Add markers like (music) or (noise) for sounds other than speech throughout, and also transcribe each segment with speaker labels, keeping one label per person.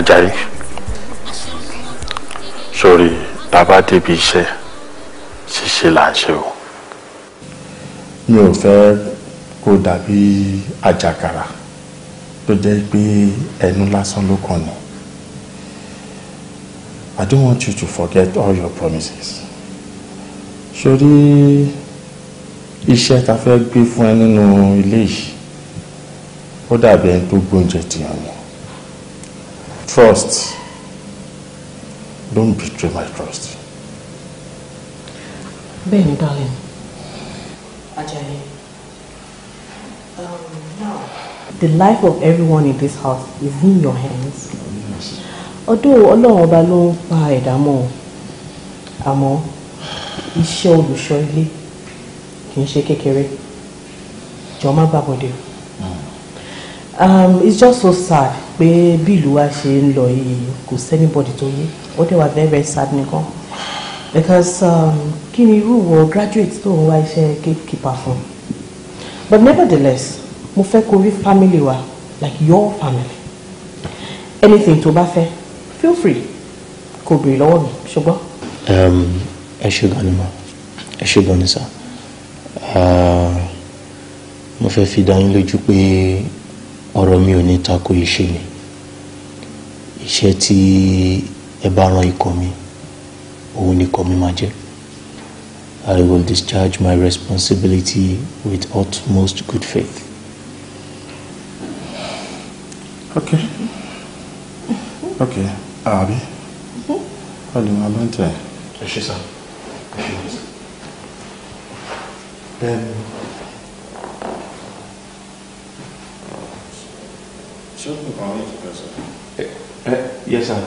Speaker 1: Àjàyí sórí tábà débi iṣẹ́ ṣíṣe là ń ṣe o. mi ò fẹ́ kó dàbí àjàkàrà tó jẹ́ pé ẹnu lásán ló kàn ní. I don't want you to forget all your promises. sórí iṣẹ́ ta fẹ́ gbé fún ẹ nínú ilé yìí ó dàbí ẹni tó gbóúnjẹ tìyàn ni. Trust. Don't betray my trust.
Speaker 2: Benny, darling. Ajayi. Um, now, the life of everyone in this house is in your hands. Although Ọlọ́run ọba ló ń pa ẹ̀dá mọ́ ọ, àmọ́ iṣẹ́ olùṣọ́ ilé kì í ṣe kékeré. Jọ̀ọ́ má gbàgbọ́dẹ̀. Hmm. Um, it's just so sad pé bí ìlú wa ṣe ń lọ yìí kò sẹ́nibọ̀dì tó yé ó dẹ̀ wá very very sad nìkan because um, kí ni irú wọ graduate tó ń wá iṣẹ́ gatekeeper fún but nevertheless mo fẹ́ kó rí family wa like your family anything tó bá fẹ́ feel free kò béèrè lọ́wọ́ mi ṣùgbọ́n.
Speaker 3: Um, ẹ ṣe gan ni ma ẹ ṣe gan ni sa uh, mo fẹ́ fi dá yín lójú pé ọ̀rọ̀ mi ò ní tako iṣẹ́ ni iṣẹ́ tí ẹ bá ran ikọ̀ mi òun ni ikọ̀ mi máa jẹ́. I will discharge my responsibility with utmost good faith.
Speaker 4: Okay.
Speaker 1: Okay. Abi. Ọ̀dùn abẹ́ntẹ̀. Ẹ ṣe Yes, sir. Ṣé o kò bá wọ́n yẹ
Speaker 3: ẹ eh, yes sir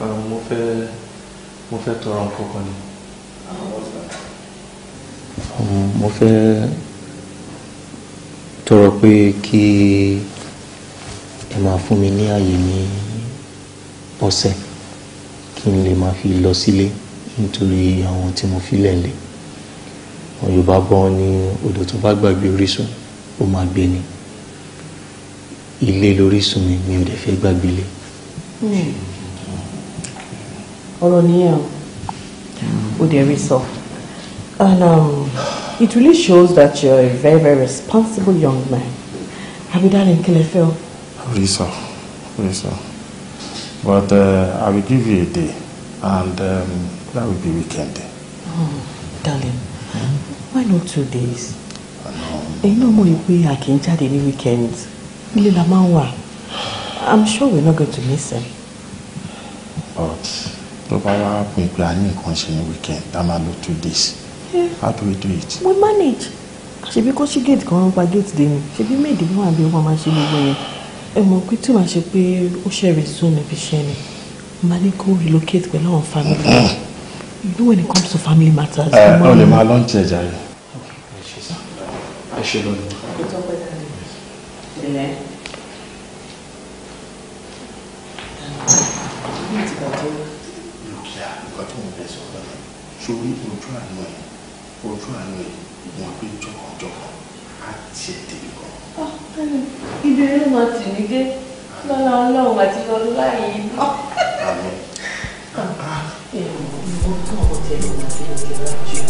Speaker 3: uh, mo fẹ́ mo fẹ́ tọrọ nǹkan kan ni. Um, mo fẹ́ tọrọ pé kí ẹ máa fún mi ní àyè ní ọ̀sẹ̀ kí n lè máa fi lọ sílé nítorí àwọn tí mo fi lẹ́lẹ̀ wọn Yorùbá bọ́ ní odò tó bá gbàgbé orísun ó máa gbé ni ilé lórísun mi mi ò dẹ̀ fẹ́ gbàgbé lé
Speaker 2: ọ̀rọ̀ nìyẹn o dẹ̀ rí sọ and um, it really shows that you're a very very responsible young man abidani nkelefe o.
Speaker 1: rí sọ rí sọ but uh, I will give you a day and um, that will be weekend.
Speaker 2: Oh, darling hmm? why not two days. ẹ̀yin náà mọ̀ wípé a kì í jáde ní weekend ilé la máa ń wà. I'm sure we're not going to miss him. But
Speaker 1: tó bá wá pin planning kan ṣe ní weekend I'm a máa lò two Yeah. How do we do it?
Speaker 2: We manage. She because she gate kan pa gate dé ni. Ṣebí méèdì mú àbí ọmọ máa ṣe gbogbo yẹn. Ẹ mọ̀ pé tí wàá ṣe pé ó ṣẹ̀rẹ̀ sóun níbi iṣẹ́ ni. Màá ní kó relocate with our family. You mm-hmm. know when it comes to family matters. Ẹ eh, ẹ o lè Jerry.
Speaker 1: Okay, ẹ̀ jàre. Ẹ ṣe lọ́nà.
Speaker 2: Ẹ ní ti bàjẹ́.
Speaker 1: lókìá nǹkan tó ń bẹ sọ̀rọ̀ yẹn sórí ojú àná yẹn ojú àná yẹn wọn pé jọkànjọkàn
Speaker 2: á tiẹ̀ débi ibi eré máa
Speaker 5: tì mí dé lọ́la ọlọ́run àti lọ́la yìí náà. àmín. ẹ̀rọ ìwọ tó ọ̀tẹ̀ ló máa fi lọ́ọ́ jẹ́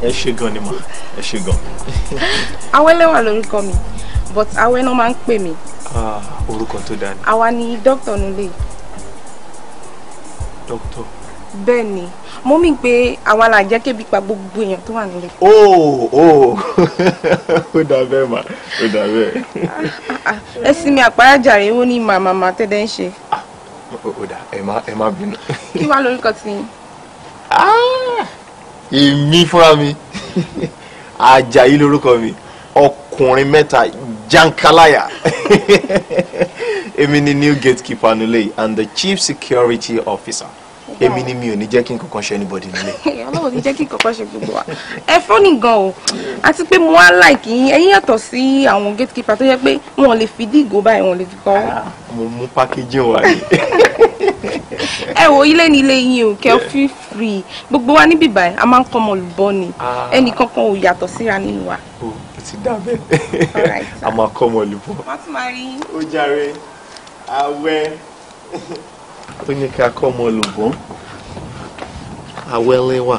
Speaker 3: ẹ ṣe gan ni mà ẹ ṣe gan.
Speaker 2: awẹ́lẹ́wà lórúkọ mi but awẹ́ náà máa ń pè mí.
Speaker 3: orúkọ tó dáa ni.
Speaker 2: àwa ni dókítà nulẹ̀. dókítà. doctor ni mo mì pé àwa là jẹ́ kébi pa gbogbo èèyàn tó wà nílé.
Speaker 3: ó ó ó dà bẹ́ẹ̀ mà ó dà bẹ́ẹ̀.
Speaker 2: ẹ sinmi àpárájà rẹ̀ ó ní màmá màmá tẹ́lẹ̀ ń ṣe.
Speaker 3: ó dà ẹ má bínú.
Speaker 2: kí wàá lórúkọ tí. ah
Speaker 3: èmi fúnra mi Àjàyí lórúkọ mi ọkùnrin mẹ́ta jankalaya èmi ni new gatekeeper nulẹ̀ and the chief security officer èmi ni mi ò ní jẹ́ kí n kankan ṣe anybody nílé.
Speaker 2: (laughs) ọlọ́run ní jẹ́ kí n kankan ṣe gbogbo wa ẹ fọ́nì gan o àti pé mo wá láìkì yín ẹ̀yin yàtọ̀ sí àwọn gatekeeper tó yẹ pé wọn lè fi díìgò báyìí wọn lè fi kọ́. Ah,
Speaker 1: mo mú pákéjì wa yìí. (laughs)
Speaker 2: ẹ wo ilé ní ilé yín o kẹ́ feel free gbogbo wa níbí báyìí a máa ń kọ́ ọmọ olùbọ́ ni ah. ẹnì kankan ò yàtọ̀ síra nínú wa. o
Speaker 4: ti dá bẹ́ẹ̀
Speaker 2: a máa kọ́ ọmọ olùbọ́.
Speaker 4: wọ́n ti máa rí. ó jàre àwẹ̀.
Speaker 2: ó ní ká kọ́ ọmọ
Speaker 3: olùbọ́ àwẹ̀ lẹ́wà.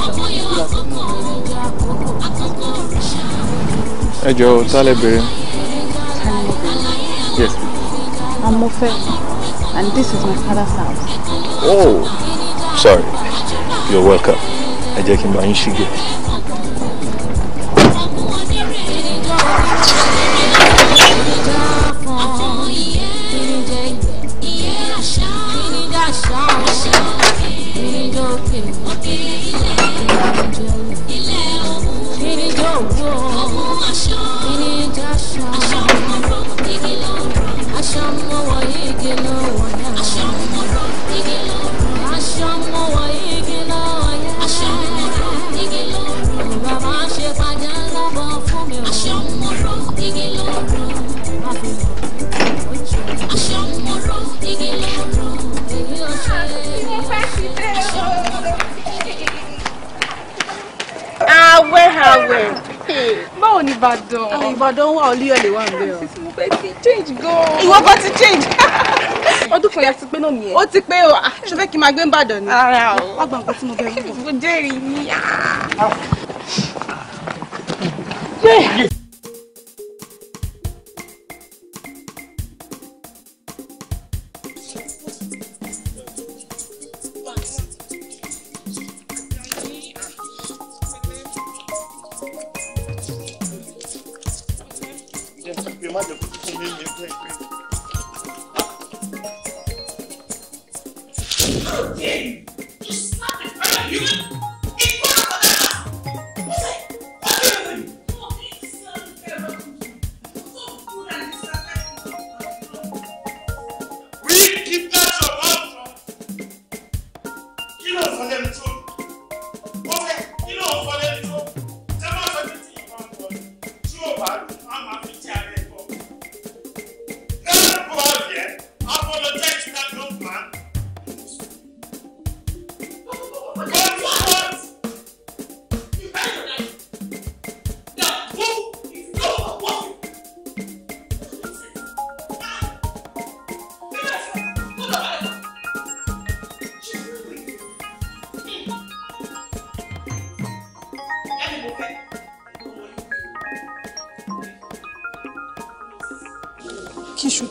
Speaker 3: ẹ jọ Yes.
Speaker 2: I'm bèrè. yes. and this is my father's house. oh
Speaker 3: sorry you're welcome I jẹ́ him n bá yín
Speaker 2: Ìbàdàn. Ìbàdàn wà Olúyọ̀lé wà ń bẹ̀ o. Mo change Go. Ìwọ kan ti change. (laughs) Ọdún kan ya ti pé náà nìyẹn. Ó ti pé o, ah. ṣe fẹ́ kí n máa gbé Ìbàdàn ni. Ara o. Wá gba nǹkan tí mo bẹ̀rù bọ̀. (laughs) Mo jẹ́rìí ni.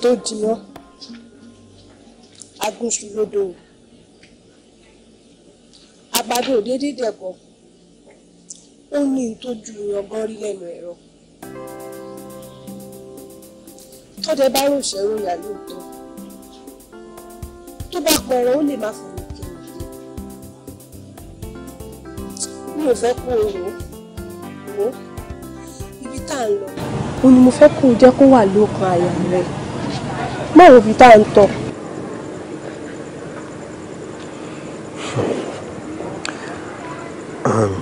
Speaker 2: tó jiná agúnṣu lódò àgbàdo òdédé dẹ̀bọ ó ní n tó ju ọgán rí lẹ́nu ẹ̀rọ tọ́dẹ bá rò ṣẹ́rò yà lóòótọ́ tó bá pẹ̀rẹ̀ ó lè má fòrò kiri mi ò fẹ́ kó o rò ó ibi tá à lọ. ó ní mo fẹ́ kó o jẹ́ kó wà lókun àyà rẹ̀ má wo bí tá à ń tọ̀.
Speaker 3: Um,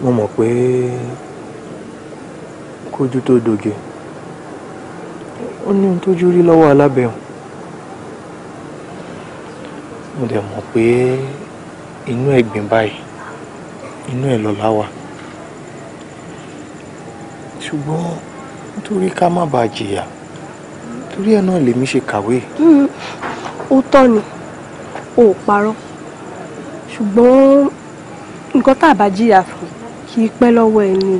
Speaker 3: mo mọ̀ pé kójú tó doge ó ní ohun tójú rí lọ́wọ́ alábẹ̀hùn mo dẹ̀ mọ̀ pé inú ẹ̀gbìn báyìí inú ẹ̀ lọ́la ṣùgbọ́n nítorí ká má bàa jìyà torí ẹ̀ náà lèmi ṣe kàwé.
Speaker 2: Hmm, ó tọ́ ni ò parọ́ ṣùgbọ́n nǹkan tá a bá jìyà fún kì í pẹ́ lọ́wọ́ ẹni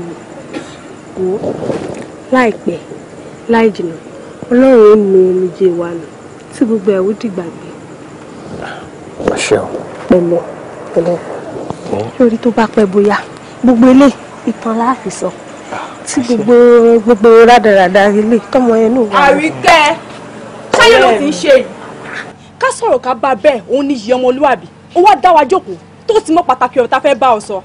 Speaker 2: wò ó láìpẹ́ láì jìnnà ọlọ́run ó nu omijé wa nù tí gbogbo ẹ̀ ó dìgbàgbé. àṣẹ o. pẹ̀lẹ́ pẹ̀lẹ́ sórí tó bá pẹ́ bóyá gbogbo eléyìí ìtàn láàfin sọ tí gbogbo gbogbo rádaràda ilé tọmọ yẹn náà wà. àríkẹ́ sáyé ló ti ń ṣe yìí ká sọ̀rọ̀ ká bá bẹ́ẹ̀ òun ni yìí ọmọlúwàbí ó wá dá wa jókòó tó ti mọ pàtàkì ọ̀rọ̀ tá fẹ́ bá ọ sọ.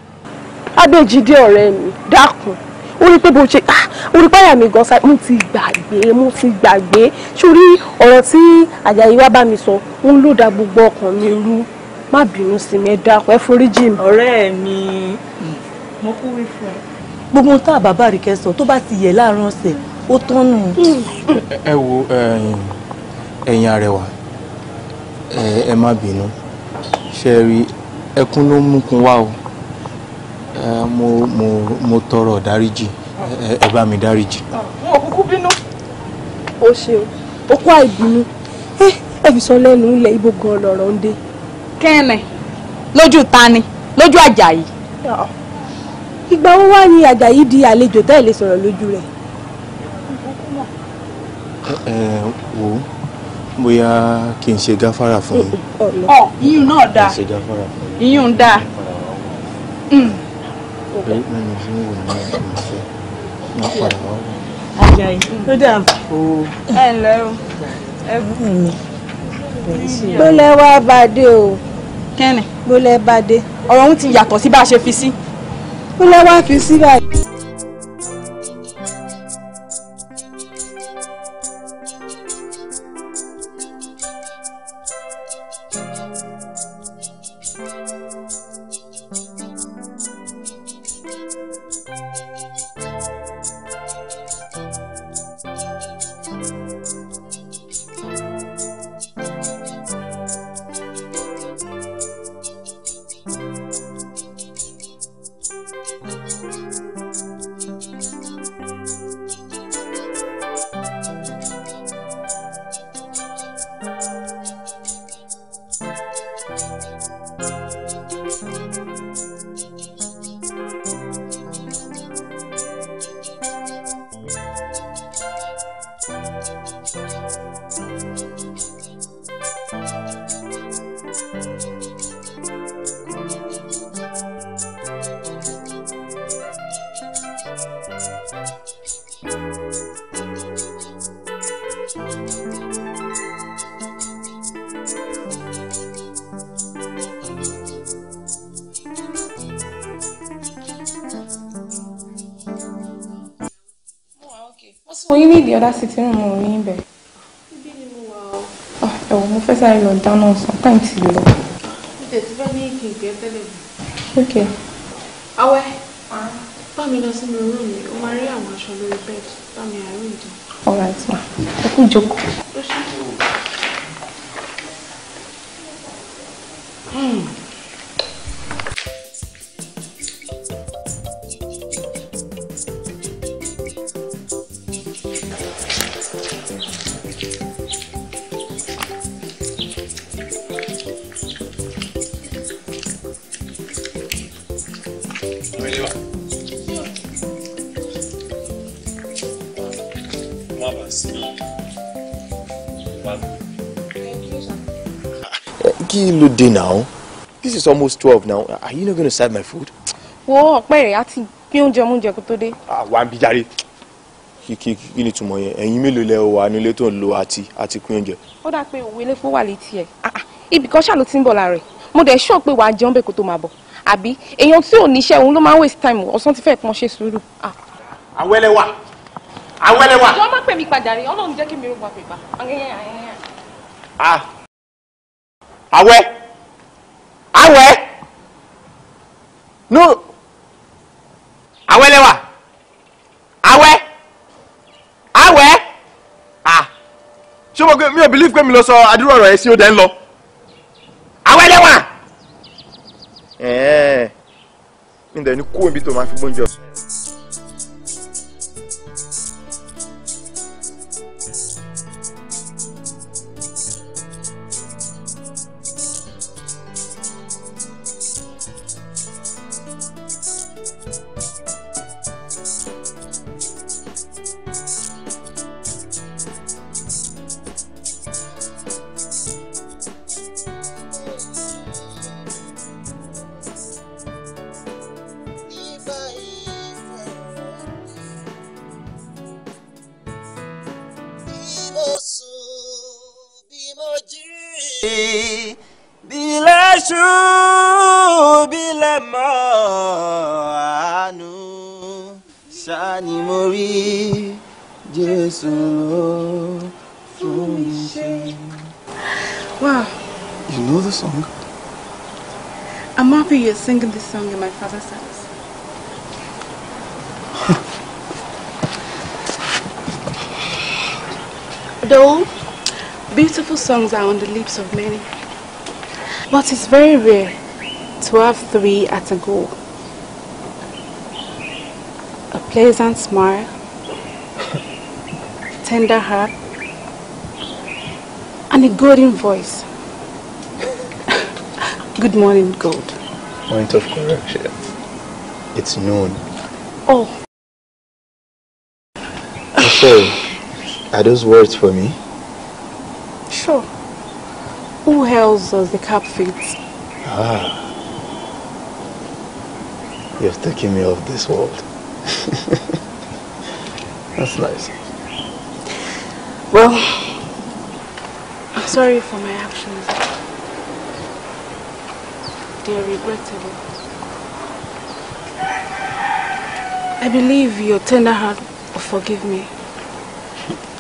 Speaker 2: adéjídé ọ̀rẹ́ mi dákun ó rí pé bó ṣe ó ah, rí páyà mi gan sa mo ti gbàgbé mo ti gbàgbé sórí ọ̀rọ̀ tí àjàyí wá bá mi sọ ń lò dá gbogbo ọkàn mi rú má bínú sí mi ẹ dákun ẹ foríjì mi. ọ̀rẹ́ mi mo kú fún ẹ gbogbo ohun tá a bàbá Àríkẹ́ sọ tó bá ti yẹ láàárín ọ̀sẹ̀ ó tọ́nù. ẹ wo
Speaker 3: ẹ̀yin arẹwà ẹ má bínú ṣe rí ẹkún ló ń múkun wá o mo mo mo tọrọ dáríjì ẹ bá mi dáríjì.
Speaker 2: mo ah, kúkú bínú ó ṣeun ó kó àìbínú ẹbí sọ lẹ́nu ilẹ̀ ibo gan lọ̀rọ̀ ń dé. kẹ́ẹ̀mẹ̀ lójú ta ni lójú Àjàyí. Ah ìgbà wo wá ni Àjàyí di àlejò tẹ́ ẹ̀ lè sọ̀rọ̀ lójú rẹ̀.
Speaker 3: ẹ ẹ wò ó bóyá kí n ṣe gáfárà fún
Speaker 2: yín. ọ iyún náà dáa iyún dáa. Àjàyí ó dà o. ẹ ǹlẹ́ o ẹ bú mi. bólẹ̀ wá bá a dé o. kẹ́ni. bólẹ̀ bá a dé. ọ̀rọ̀ òun ti yàtọ̀ sí bá a ṣe fi sí. Si kí lẹ wá fi sí báyìí. sínú mo ní ibẹ̀. ibi ni mo ah, wà o. ẹ̀wọ̀n mo fẹ́ sáré lọ dáná sàn táì ti lọ. mo tẹ̀sí fẹ́ ní kí tẹ́lẹ̀ mi. ok. awẹ́ ah. bá mi lọ sínú rúùmù o ó máa rí àwọn aṣọ lórí bẹ́ẹ̀dì bá mi àárín ìdí. ọ̀rọ̀ àìsàn ẹ kú ìjókòó.
Speaker 6: Really well. Marvelous.
Speaker 3: Kí ló dé now? This is almost twelve now. Are you not going to serve my food?
Speaker 2: Wo ọ̀pẹ rẹ̀ á ti gbé today. Ah, kó tó dé.
Speaker 3: Àwa ń bi járe. Kí ni túmọ̀ yẹn? Ẹ̀yin mélòó lẹ wà nílé tó ń lo àti àti pín oúnjẹ?
Speaker 2: Ó dáa pé òwe lè fún wà létí ẹ̀. Ah, ah, ibì kan ṣáà ló ti ń bọ̀ lára rẹ̀. Mo dẹ̀ ṣọ́ọ̀ pé wàá jẹun bẹ́ẹ̀ kó tó máa bọ̀ àbí èèyàn tí ò níṣẹ́ òun ló máa ń waste time ọ̀sán ti fẹ́ pọ́n ṣe sùúrù.
Speaker 4: àwẹ́lẹ́wà ah. àwẹ́lẹ́wà. ìjọba
Speaker 2: má pè mí padà rí ọlọ́run jẹ́ kí mi rúgbà pèpà.
Speaker 4: Ah. àwẹ́ àwẹ́ nú àwẹ́lẹ́wà àwẹ́ àwẹ́ ah. ṣé mo mi ò believe pé mi lọ sọ àdúrà ọ̀rọ̀ ẹ̀ sí ó dẹ́ ń lọ àwẹ́lẹ́wà
Speaker 3: ẹ̀ẹ́n ní ìdẹ̀ ní kó ibi tó máa fi gbóúnjẹ
Speaker 2: singing this song in my father's house. Though beautiful songs are on the lips of many, but it's very rare to have three at a go. A pleasant smile, tender heart, and a golden voice. (laughs) Good morning, gold
Speaker 3: point of correction. It's known. Oh. So, are those words for me?
Speaker 2: Sure. Who else does the cap fit?
Speaker 3: Ah. You've taken me off this world. (laughs) That's nice.
Speaker 2: Well, I'm sorry for my actions. they're regrettable. I believe your tender heart will forgive me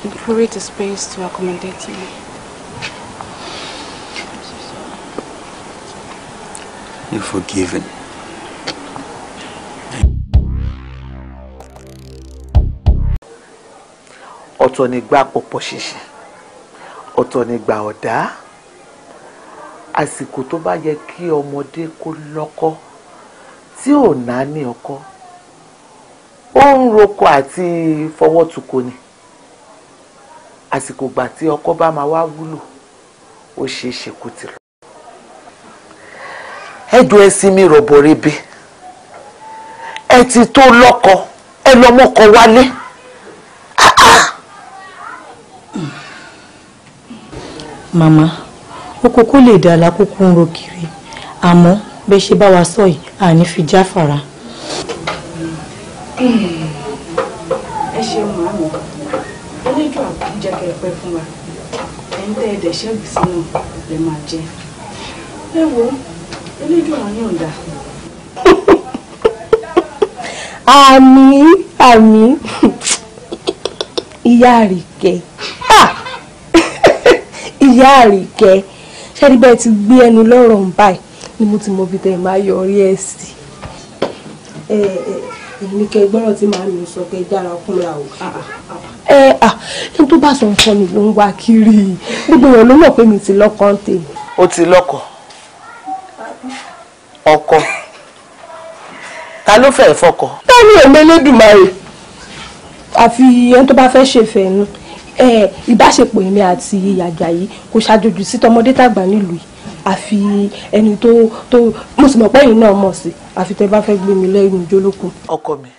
Speaker 2: and create a space to accommodate you. You're forgiven.
Speaker 4: ọ̀tọ̀ ni gba pọ̀pọ̀ ṣinṣin ọ̀tọ̀ gba ọ̀dá àsìkò tó bá yẹ kí ọmọdé kó lọ́kọ tí ò náà ní ọkọ ó ń roko àti fọwọ́ tuko ni àsìkò gbà tí ọkọ bá máa wá wúlò ó ṣeé ṣe kó ti lọ. ẹjọ́ ẹsìn mi rọ̀bọ̀ rebe ẹ ti tó lọ́kọ ẹ lọ́mọkọ wálé. Ah, ah.
Speaker 2: màmá oko kó lè dà lákòókò ń ro kiri àmọ́ bẹ́ẹ̀ ṣe bá wa sọ yìí àní fi jáfara. ẹ ṣeun màmú eléjò àbújá kẹ pẹ fún wa ẹ̀yin tẹ ẹdẹ ṣẹbi sínú lè máa jẹ ẹ wo eléjò àwọn yóò dà. àmì àmì ìyá àríkẹ́ (laughs) ìyá àríkẹ́ ṣẹ́ni bẹ́ẹ̀ ti gbé ẹnu lọ́rọ̀ ń báyìí ni mo ti mọ ibi tẹ̀ máa yọrí ẹ̀ sí èmi kẹ gbọ́rọ̀ tí màá mi sọ pé dára kúnra o. ẹ à ní tó bá sọ nǹkan mi ló ń wá kiri gbogbo èèyàn ló mọ̀ pé mi ti lọ́kọ ń tèmi.
Speaker 4: ó ti lọ́kọ ọkọ ta ló fẹ́ fọkọ. bẹ́ẹ̀ ni èmi Elédùmarè
Speaker 2: àfi ẹni tó bá fẹ́ ṣèfẹ́ nù ìbáṣepọ̀ èmi àti Àjàyí kò ṣàjòjì sí tọmọdé tàgbà nílùú yìí àfi ẹni tó tó mo sì mọ̀ pé ẹ̀yin náà mọ̀ sí àfi tẹ́ bá fẹ́ gbé mi lẹ́yìn ìjólókun.
Speaker 4: ọkọ mi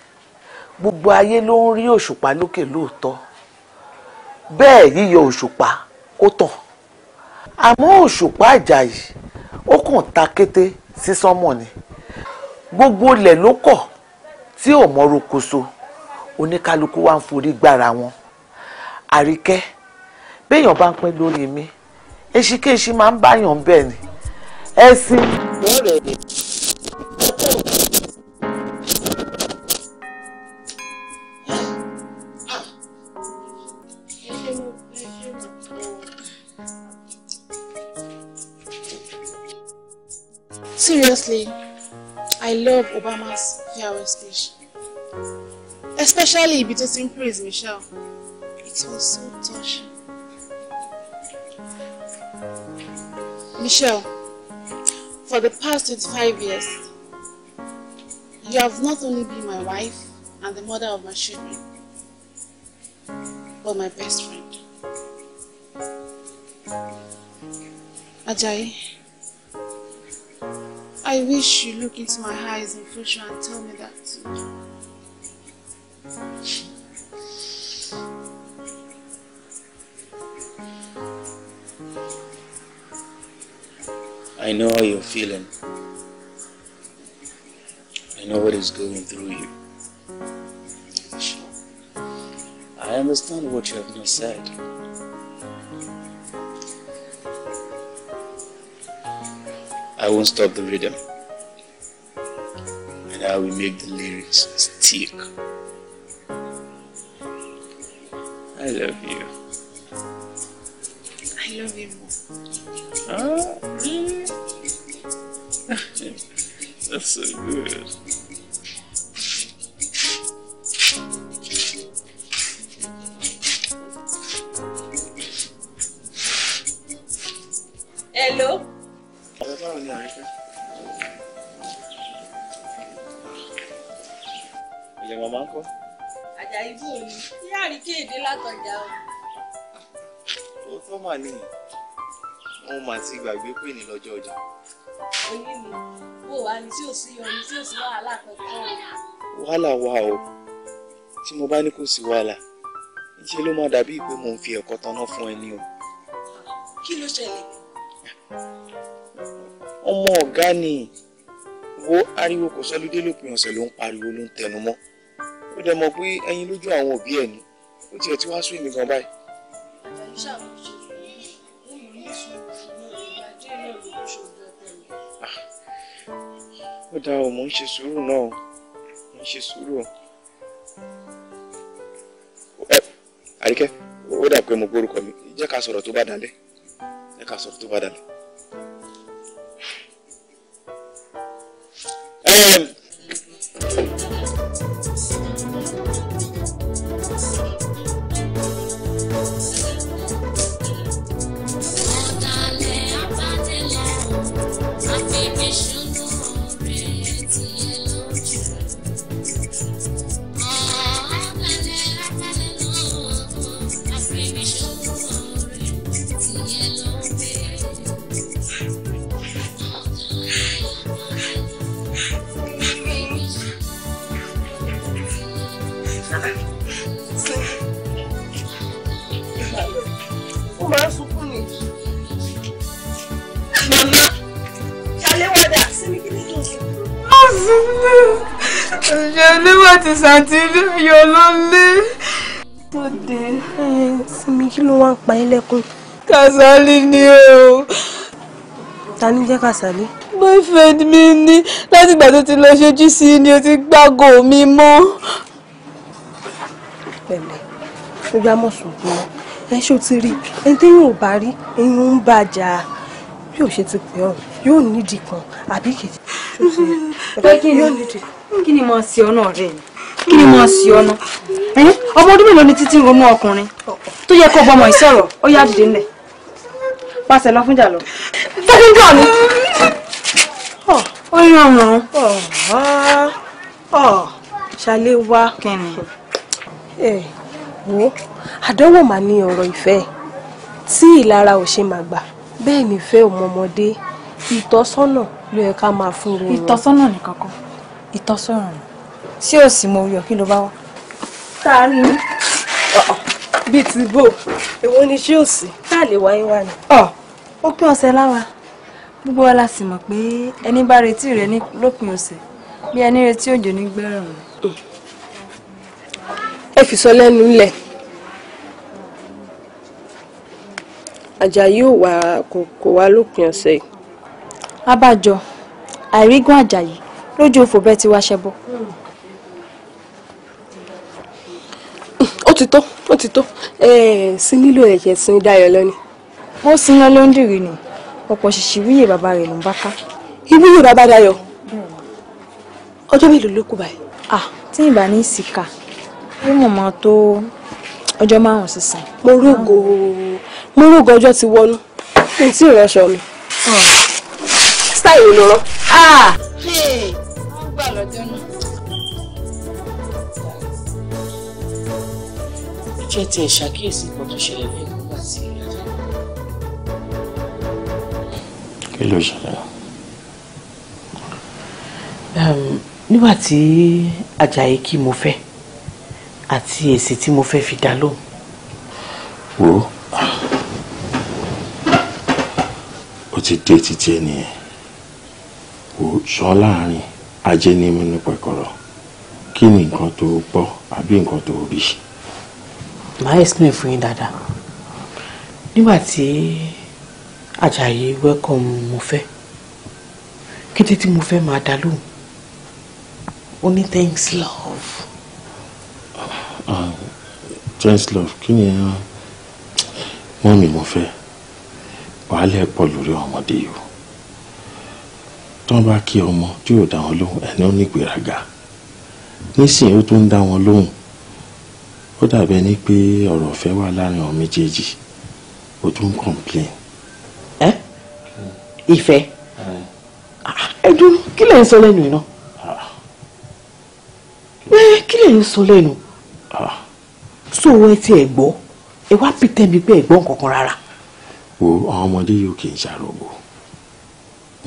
Speaker 4: gbogbo ayé ló ń rí òṣùpá lókè lóòótọ́ bẹ́ẹ̀ yíyọ òṣùpá ó tàn àmọ́ òṣùpá Àjàyí ó kàn ta kété sí sánmọ̀ ni gbogbo ilẹ̀ ló kọ̀ tí ò mọ rokoṣo oníkálukú wa ń forí gbára wọn àríkẹ́ béèyàn bá ń pín lórí mi èsìkéṣì máa ń báyàn bẹ́ẹ̀ ni ẹ̀sìn lọ́rẹ̀
Speaker 2: Seriously, I love Obama's farewell speech, especially ibi tó ti praise Michelle. Toss and touch. Michelle, for the past 25 years, you have not only been my wife and the mother of my children, but my best friend. Ajay, I wish you look into my eyes in future and tell me that.
Speaker 3: I know how you're feeling. I know what is going through you. I understand what you have not said. I won't stop the rhythm. And I will make the lyrics stick. I love you.
Speaker 2: I love you more.
Speaker 6: Ah. That's so good.
Speaker 2: Hello. Ìyẹn màmá ń kọ́. Àjàyí bò ní. Tí àríkè èdè látọjà o.
Speaker 3: Òótọ́ mà ní. Mo mà ti gbàgbé pè ní lọ́jọ́ ọjà
Speaker 2: oyé mi wò wá ní tí ò sí yọnu tí ò sí wàhálà kankan.
Speaker 3: wàhálà wà o tí mo bá ní kò sí wàhálà ńṣe ló máa dàbí pé mò ń fi ẹ̀kọ́ tanná fún ẹ ní o.
Speaker 2: kí ló ṣẹlẹ̀.
Speaker 3: ọmọ ọ̀gá ni wo ariwo kò sọ́lúdé lópin ọ̀sẹ̀ ló ń pariwo ló ń tẹnu mọ́ ó dẹ̀ mọ̀ pé ẹyin lójú àwọn òbí ẹ̀ ni ó tiẹ̀ ti wá sún èmi báyìí. ó dá o mò ń ṣe sùúrù náà o mò ń ṣe sùúrù o ẹ àríkẹ́ ó dà pé mo gbórúkọ mi jẹ́ ká sọ̀rọ̀ tó bá dalẹ̀ jẹ́ ká sọ̀rọ̀ tó bá dalẹ̀.
Speaker 6: máa ń sunkún ni.
Speaker 2: Màmá, ṣàléwádà sí mi kí ni kí n sọ. Ṣé oníwà ti ṣàtìlẹ́ mi ọlọ́lé? Bọ́dé, sinmi kí ló wá ń pa yín lẹ́kún? Kàsálí ni o. Ta ni jẹ́ Kàsálí? Boyfriend mi ni láti ìgbà tó ti lọ ṣojú sí i ni o ti gbàgò mi mọ́. Pẹ̀lẹ́, ó gbá mọ̀ fún ọ ẹ ṣó ti rí ẹni téèyàn ò bá rí ẹ̀yin ń bàjá bí ò ṣe ti pè ọ́ yóò nídìí kan àbí kejì. pé kí ni kí ni mo ṣe ọ náà rẹ ni kí ni mo ṣe ọ náà ọmọ ọdún mélòó ni títí ń ronú ọkùnrin tó yẹ kó gbọmọ ìṣòro ó yá dìde ńlẹ̀ pàṣẹ lọ fúnjà lọ. fẹ́ẹ́ dùn ni. ó yàn wọ́n. ṣàlẹ́ wa. kí ni wo àdánwò mà ní ọ̀rọ̀ ìfẹ́ tí ìlara ò ṣe máa gbà bẹ́ẹ̀ nífẹ̀ẹ́ ò mọmọdé ìtọ́sọ́nà ló yẹ ká máa fún rẹ. ìtọ́sọ́nà nìkan kan ìtọ́sọ́nà ni tí ò sì mọ oyọ kí ló bá wá. ta ni bíi ti bò èwo ni ṣé ò sí tá a lè wáyé wá ni. ó pín ọ̀sẹ̀ láwa gbogbo wa la sì mọ̀ pé ẹni bá retí rẹ lópin ọ̀sẹ̀ bí ẹni retí òjò ní gbẹ́rùn ẹ fi sọ lẹ́nu lẹ̀ Àjàyí ò wá kò wá lópin ọ̀sẹ̀ yìí. abájọ àìrígún Àjàyí lójú òfò bẹ́ẹ̀ ti wá ṣẹbọ. ó ti tó ó ti tó sí nílò ẹ̀jẹ̀ sí Dayọ̀ lọ́ni. ó sin iná ló ń dìrì nù ọ̀pọ̀ ṣìṣì wíyè bàbá rẹ̀ ló ń bá ká. ìwúyè bàbá Dayọ̀ ọjọ́ mélòó ló kù báyìí. ah tí ìbá ní ìsìkà ó mọ̀ máa tó ọjọ́ márùn-ún sísìn. mo rògò mo rògò ọjọ́ ti wọnú mi tí ì rọṣọ mi. style ló rọ. Ah!
Speaker 4: wọ́n gbà lọ́jọ́ náà.
Speaker 2: jẹ́ ti ìṣàkíyèsí kan tó ṣẹlẹ̀ lẹ́nu nígbà tí ìrìnàjò. kí ló ṣẹlẹ̀? nígbà tí Àjàyí kí mo fẹ́ àti
Speaker 4: èsì tí mo fẹ́ fi dá lóhùn.
Speaker 1: wo O ti dé títí ẹnìyẹn wò sọ láàrin ajé ní mímú pẹ̀kọ̀rọ̀ kí ni nǹkan tó gbọ́ àbí nǹkan tó rí.
Speaker 2: màá explain fún yín dáadáa nígbà tí Ajayi welcome mo fẹ́ kété tí mo fẹ́ máa dá lóhùn ó ní thanks love
Speaker 1: James ah, love kí ni ah, mọ́ mi mo fẹ́ wàhálà ẹ̀ pọ̀ lórí ọmọdé yìí o tí wọ́n bá kí ọmọ tí yóò dá wọn lóhùn ẹni ó ní ìgbéraga nísìnyí ó tún ń dá wọn lóhùn ó dàbí ẹni pé ọ̀rọ̀ ọ̀fẹ́ wà láàrin àwọn méjèèjì ó tún ń complain.
Speaker 2: ẹ ìfẹ́ ah, ẹ dúró kí lè ń sọ lẹ́nu iná kí lè ń sọ lẹ́nu. Ah. so ẹ ti ẹ̀ gbọ́ ẹ wá pìtẹ́ mi pé ẹ̀ gbọ́ nǹkankan rárá.
Speaker 1: wo àwọn ọmọdé yìí ò kì í ṣàròbó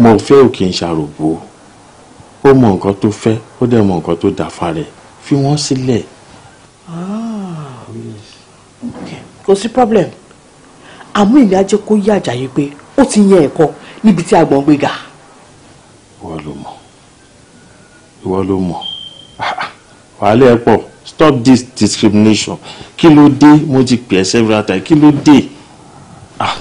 Speaker 1: mo fẹ́ ò kì í ṣàròbó ó mọ nǹkan tó fẹ́ ó dẹ̀ mọ nǹkan tó dà farẹ̀ fi wọ́n sílẹ̀.
Speaker 2: Ah, kò sí problem àmú ìlú ajé kó yí àjàyè
Speaker 4: pé ó ti yan ẹ̀kọ́ níbi tí agbọ̀n gbé ìwọ ló mọ̀
Speaker 1: ìwọ ló mọ̀ ah, wàhálà ẹ̀ pọ̀ stop this discrimination kí ló dé mo ti pè é several times kí ló dé ah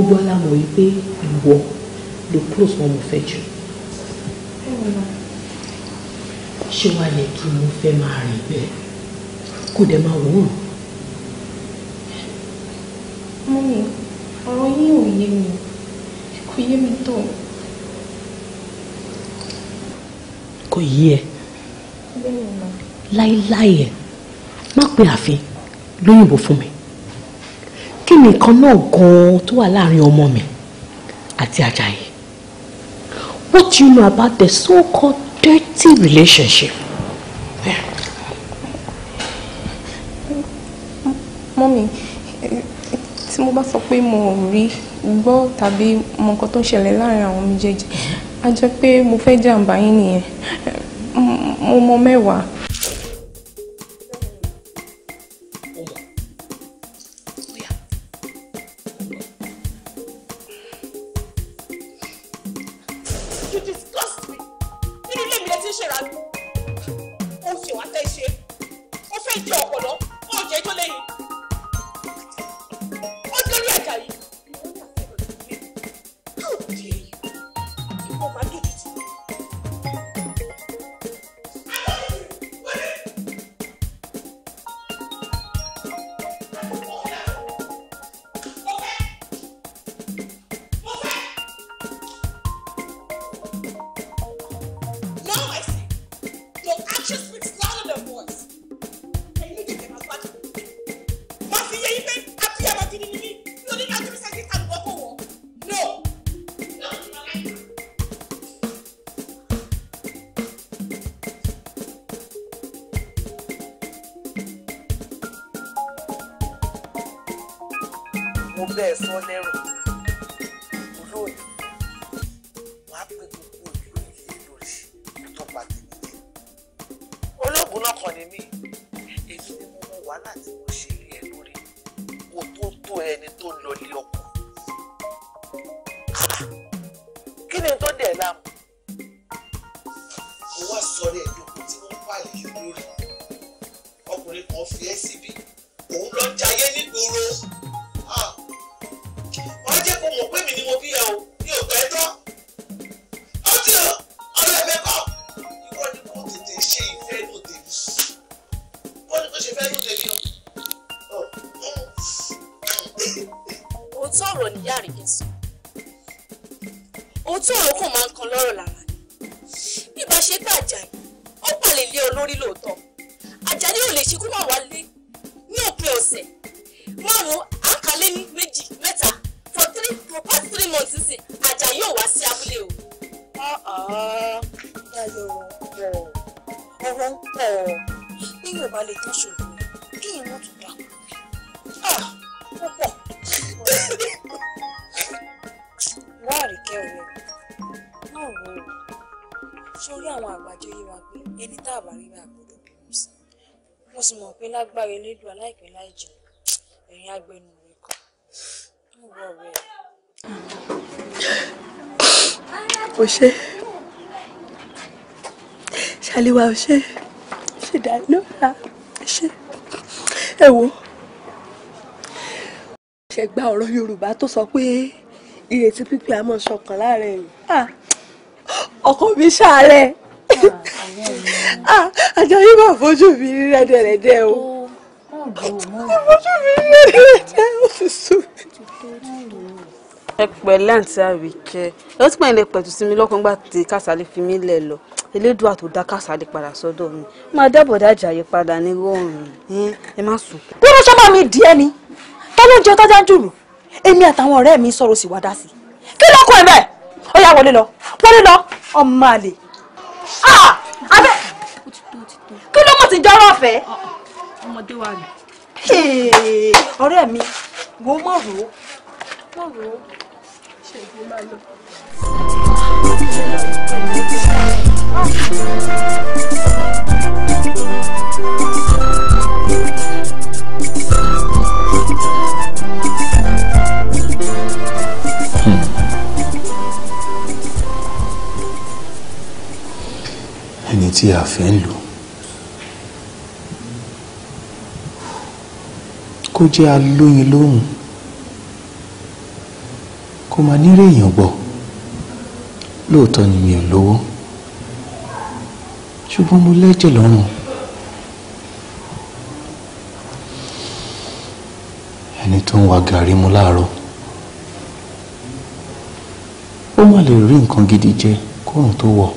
Speaker 2: gbogbo alámọ̀ yìí pé ìwọ ló close wọn mo fẹ́ jù ṣé wàá yẹ kí mo fẹ́ máa rìn bẹ́ẹ̀ kó dẹ̀ máa wò ó. mọ́mí ọ̀rọ̀ yín ò yé mi kò yé mi tó. kò yí ẹ láíláí ẹ má pe àfin lóyìnbó fún mi nìkan náà gan-an tó wà láàrin ọmọ mi àti Ajayi what do you know about the so-called dirty relationship. Yeah. mọ́mi tí mo bá sọ pé mo rí gbọ́ tàbí mọ nǹkan tó ń ṣẹlẹ̀ láàrin àwọn méjèèjì a jẹ́ pé mo fẹ́ jàǹbá yín nìyẹn mo mọ mẹ́wàá
Speaker 4: wọ́n fi ẹ́ síbi òun lọ jayé nígboro wọ́n jẹ́ kó mọ̀ pé mi ni mo bí ẹ o mi ò pẹ́ tán o ọ̀rẹ́ ìwọ ni kò tètè ṣe ìfẹ́ inú tèmi wọ́n ní kò ṣe fẹ́ inú tèmi o. òótọ́
Speaker 2: ọ̀rọ̀ nìyá rẹ̀ yẹn sọ òótọ́ ọ̀rọ̀ kò máa ń kan lọ́rọ̀ lára. elédùn aláìpẹ́ láì jẹun ẹ̀yìn agbẹnu rẹ̀ kan ń wọ ọ̀rẹ́ rẹ̀. o ṣe ṣàlíwá o ṣe ṣèdánilọ́ra ṣe ẹ wo ṣe gba ọ̀rọ̀ Yorùbá tó sọ pé ìrètí pípé àmọ́ ṣọkàn láàrin ẹ̀yìn ọkọ mi ṣàárẹ̀ àjọ yìí máa fojú mi rí rẹ́dẹ̀rẹ́dẹ́ o ojú mi lè jẹ́ òṣìṣú. ẹ pẹ̀lẹ́ àǹtí àríkẹ́ ẹ ó ti pẹ̀lẹ́ pẹ̀tù sí mi lọ́kàn gbà tí kásálẹ̀ fi mí lẹ̀ lọ elédùà tó dá kásálẹ̀ padà sọ́dọ̀ mi máa dábọ̀ dájà yẹ padà ní rọrùn ẹ má sùn. bí wọ́n sábà mi dì ẹ́ ni tá ló ń jẹun tájá ń jùlù èmi àtàwọn ọ̀rẹ́ mi sọ̀rọ̀ sì wá dá sí i kí ló kọ ẹ̀ bẹ́ẹ̀ ó yá wọlé lọ wọlé lọ ọmọ àlè ah! abẹ́ kí ló mọ̀ ti jọ́rọ̀ ọ̀fẹ́. ọmọdé wa rèé ọ̀rẹ́ mi wo mọ̀ rò ó mọ̀ rò ó ṣe ìgbó máa lọ.
Speaker 6: Hmm.
Speaker 1: ẹni tí a fẹ́ lò
Speaker 3: kó jẹ́ alóyin lóhùn kó máa nírè èèyàn gbọ́ lóòótọ́ ni mi ò lówó ṣùgbọ́n mo lẹ́jẹ̀ lọ́rùn ẹni tó ń wa gàrí mu láàárọ̀ ó má lè rí nǹkan gidi jẹ kóòrùn tó wọ̀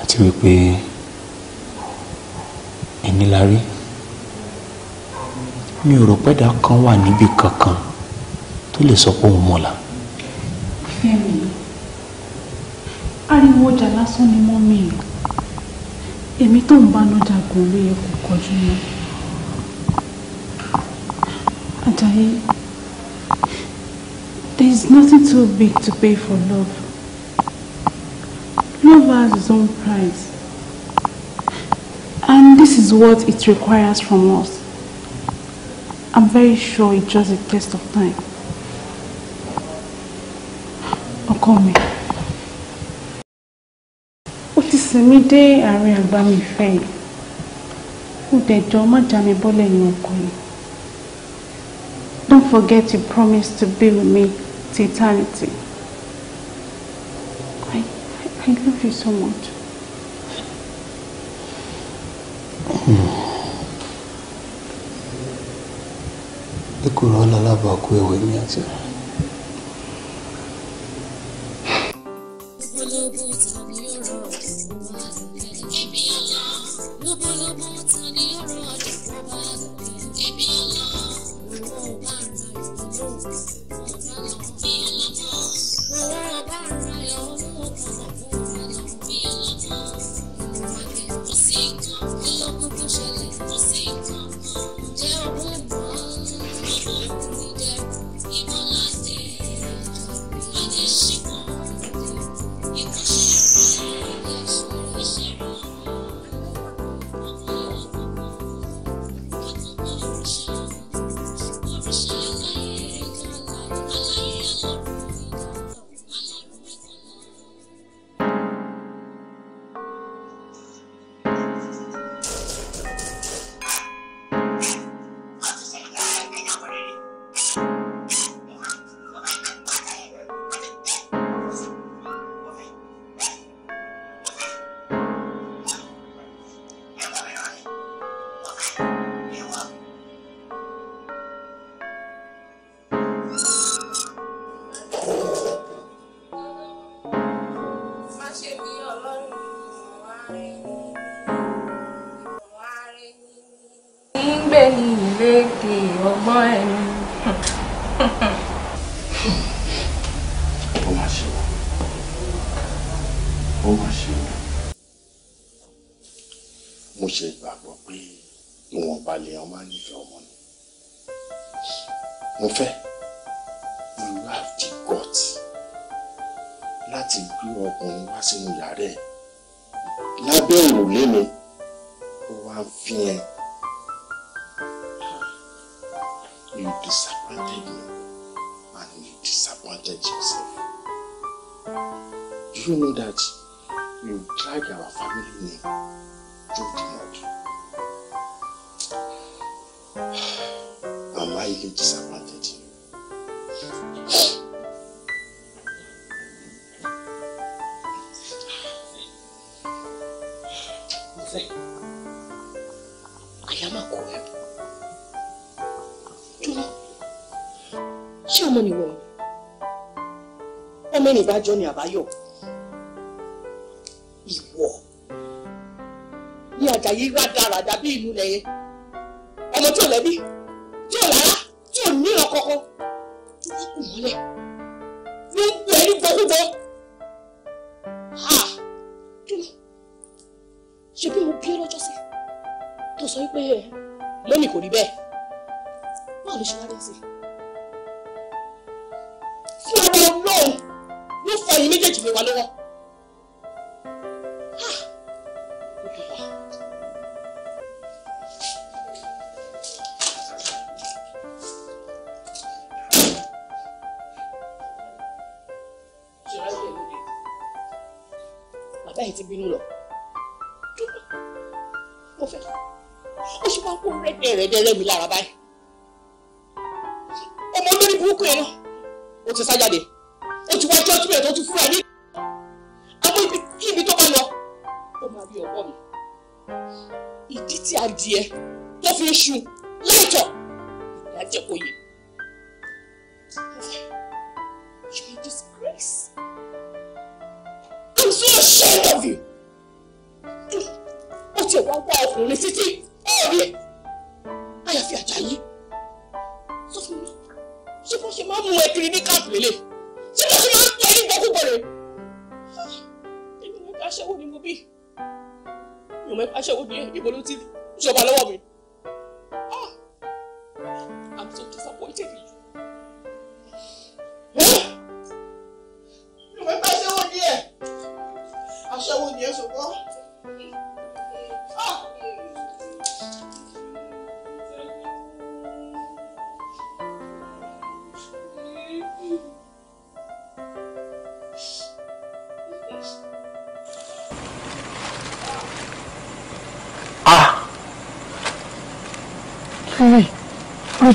Speaker 3: àti wípé ẹni la rí mi ò rò pé ẹ̀dá kan wà níbi kankan tó lè sọ pé òun mọ̀lá.
Speaker 2: Fẹ́mi ariwo ọjà lásán ni mọ́ mi èmi tó ń bánu jagun ló yẹ kó kọjú mọ́ Ajayi there is nothing too big to pay for love love has its own price and this is what it requires from us. I'm very sure it's just a test of time. Ọkọ mi. Ó ti sìn mí dé àárín àgbá me fẹ́ Who Ó dẹ̀jọ́ má já mi bọ́lẹ̀ ní ọkọ yìí. Don't forget you promised to be with me to eternity. I, I love you so much.
Speaker 3: Mm. ẹ kò rán lálábàákú ẹ̀wẹ̀ mi àti
Speaker 2: boy. adájọ́ ni àbáyọ̀ ìwọ ní àjàyí rádaràdà bí ìlú lẹ́yìn ọmọ tí ò lẹ́bí tí ò lára tí ò ní ọkọ kan tó bá kù mọ́lẹ̀ ló ń pè é ní gbọ́kúgbọ́ dúró ṣe bí mo bí ẹ sí tó sọ pé lónìí kò rí bẹ́ẹ̀ báwo ló ṣe wá sí i ló fọ ẹ̀yìn méjèèjì mi wá lọ́wọ́. bàbá yìí ti bínú lọ mo fẹ́ ó ṣe máa kó rẹ́dẹ̀rẹ́dẹ́rẹ́ mi lára báyìí.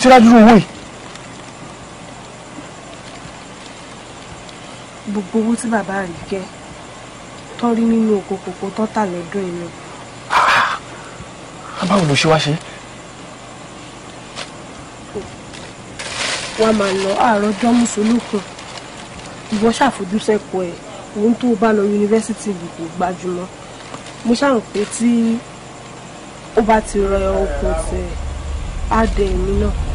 Speaker 2: rádúró owó yìí. gbogbo owó tí bàbá rí jẹ tọrí nínú oko kòkó tọ́tà lọ́dún yìí lọ.
Speaker 3: Ah, báwo ló ṣe wá ṣe.
Speaker 2: wàá máa lọ àárọ̀ jọ́mú solókun ìwọ ṣàfojúsẹ́kọ̀ọ́ ẹ̀ ohun tó bá lọ yunifásitì yìí kò gbajúmọ̀ mo ṣàrò pé tí ó bá ti rọ ọkùnrin tẹ̀ á dẹ èmi náà.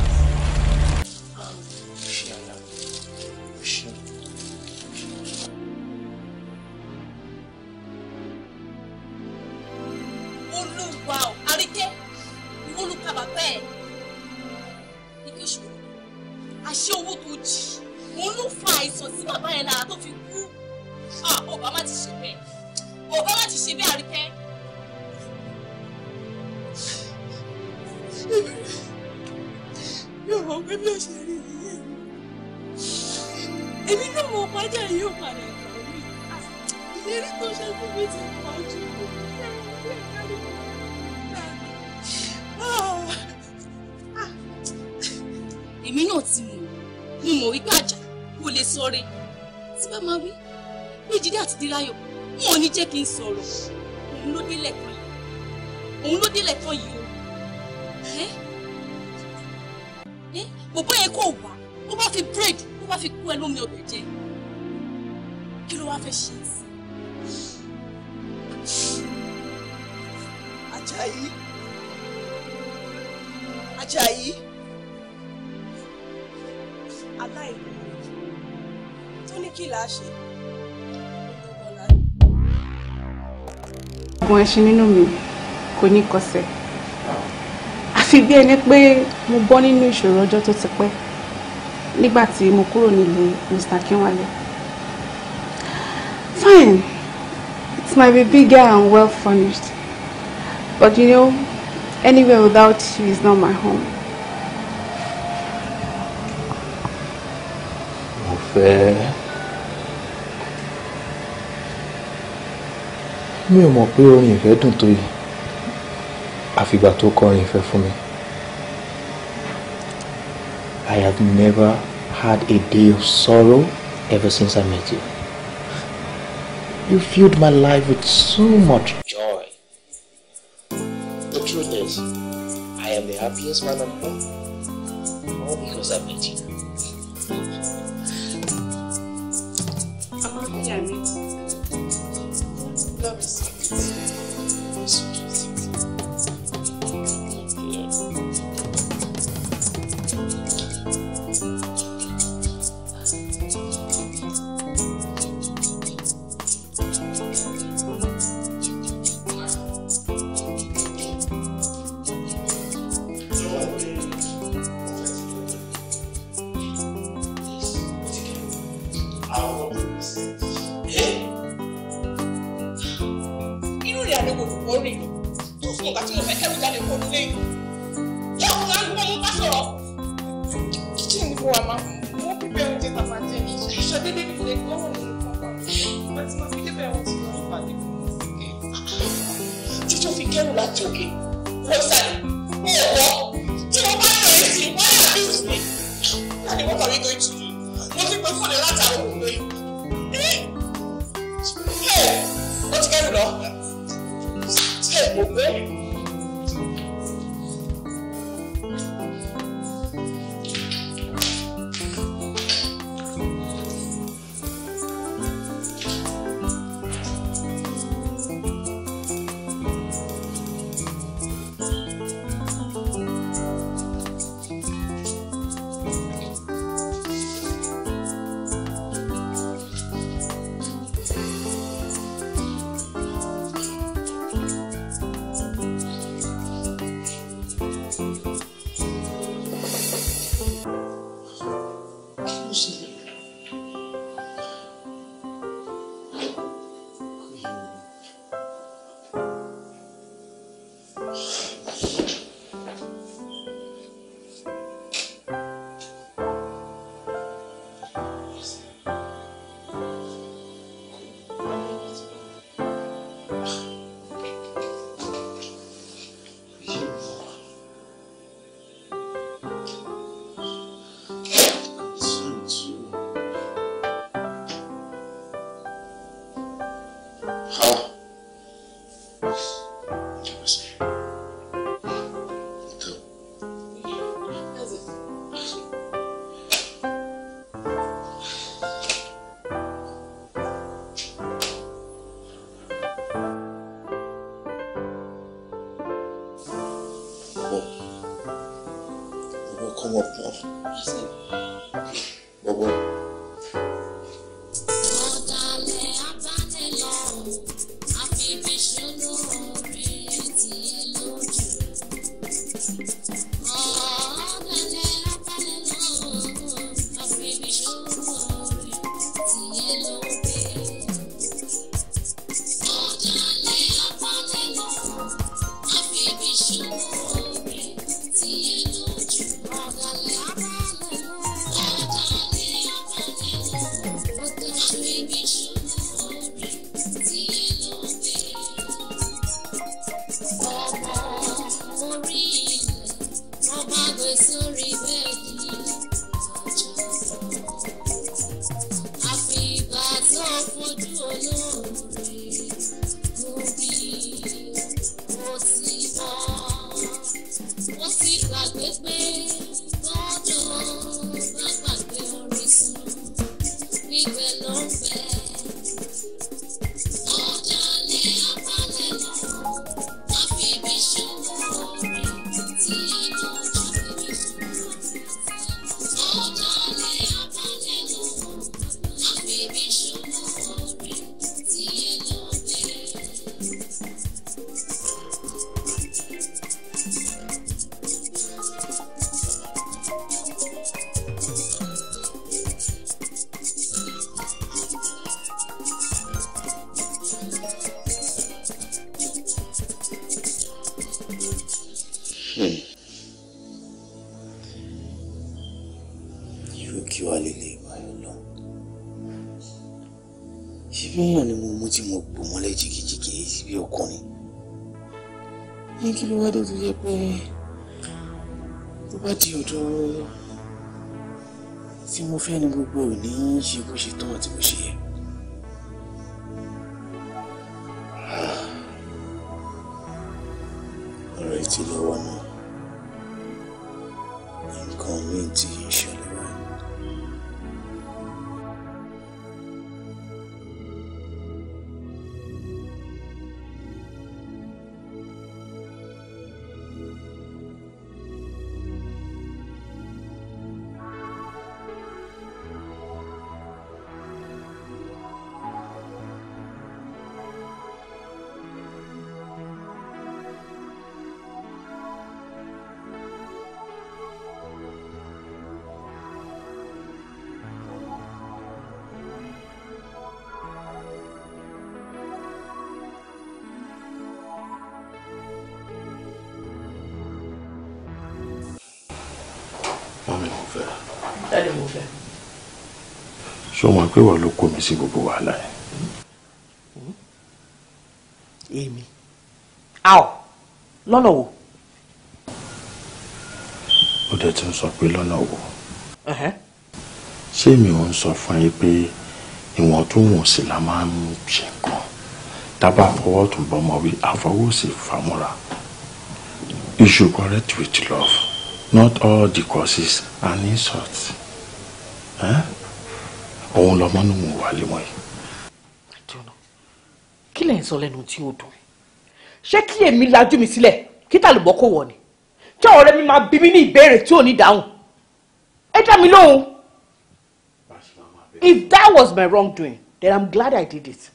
Speaker 2: ṣe nínú mi kò ní kọsẹ̀ àfi bí ẹni pé mo bọ́ nínú ìṣòro ọjọ́ tó ti pẹ́ nígbà tí mo kúrò nílé Mr. Kínwálé fine it might be bigger and well furnished but you know anywhere without you is not my home.
Speaker 1: mo fẹ́.
Speaker 3: mi ò mọ̀ pé orin ìfẹ́ dùn tó yìí àfìgbà tó kọrin ìfẹ́ fún mi. I have never had a day of sorrow ever since I met you. You filled my life with so much
Speaker 4: joy. The truth is, I am the happiest man on earth, all because I met you.
Speaker 6: love Jesus Thank you.
Speaker 2: kí ló wá dé tó yẹ pé tó bá di ọ̀dọ̀
Speaker 3: tí mo fẹ́ ni gbogbo ò ní ṣe bó ṣe tọ́ àti bó ṣe yẹ.
Speaker 1: sọ ma pé wà ló kó mi sí gbogbo wàhálà
Speaker 4: yẹn. èmi a ò lọ́nà wo.
Speaker 1: ó dẹ̀ ti ń sọ pé lọ́nà wo. ṣé mi ò ń sọ fún yín pé ìwọ̀n tó wọ̀n sí la máa ń ṣe nǹkan tábà fọwọ́ tún bọ́ ọmọ wí àfọwọ́sí fàmúra you should correct with love not all the causes and insults. Eh? òun lọmọ nù wò wá lé wọ̀nyí.
Speaker 2: àjọyọ̀ kí lẹ̀ sọ lẹ́nu tí ó dùn ṣé kí èmi lajú mi sílẹ̀ kí tàlùbọ́ kò wọ̀ ni tí ọ̀rẹ́ mi máa bí mi ní ìbéèrè tí ò ní dáhùn ẹ dá mi lóhùn. if that was my wrongdoing then i'm glad i did it.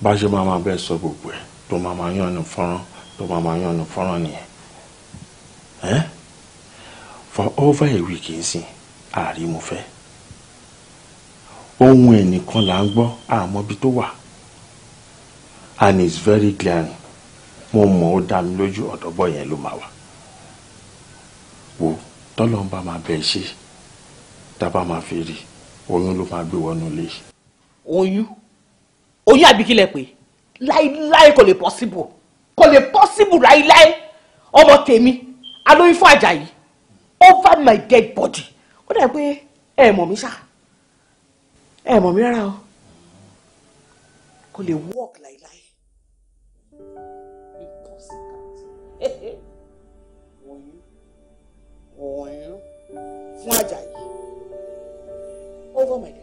Speaker 1: bá a ṣe máa máa bẹ́ẹ̀ sọ gbogbo ẹ̀ tó máa máa yàn ní fọ́nrán tó máa máa yàn ní fọ́nrán nìyẹn. for over a week n sin ààrí mo fẹ́ ohun ẹnìkan là ń gbọ́ àmọ́ bí tó wà and it's very clear mo mọ̀ ó dá mi lójú ọ̀dọ́bọ̀ yẹn ló máa wà wo tọ́lọ́n bá máa bẹ̀ ṣe dábà máa fi rí oyún ló máa gbé wọnú ilé.
Speaker 4: oyún oyún àbíkílẹ̀ pé láíláí kò lè possible kò lè possible láíláí
Speaker 2: ọmọ tèmi alóyún fún Àjàyí over my dead body ó dà pé ẹ mọ̀ mi ṣáà ẹ mọ̀ mi rárá o kò lè work láìláì.
Speaker 4: wọ̀nyí wọ̀nyí fún Àjàyí over my head.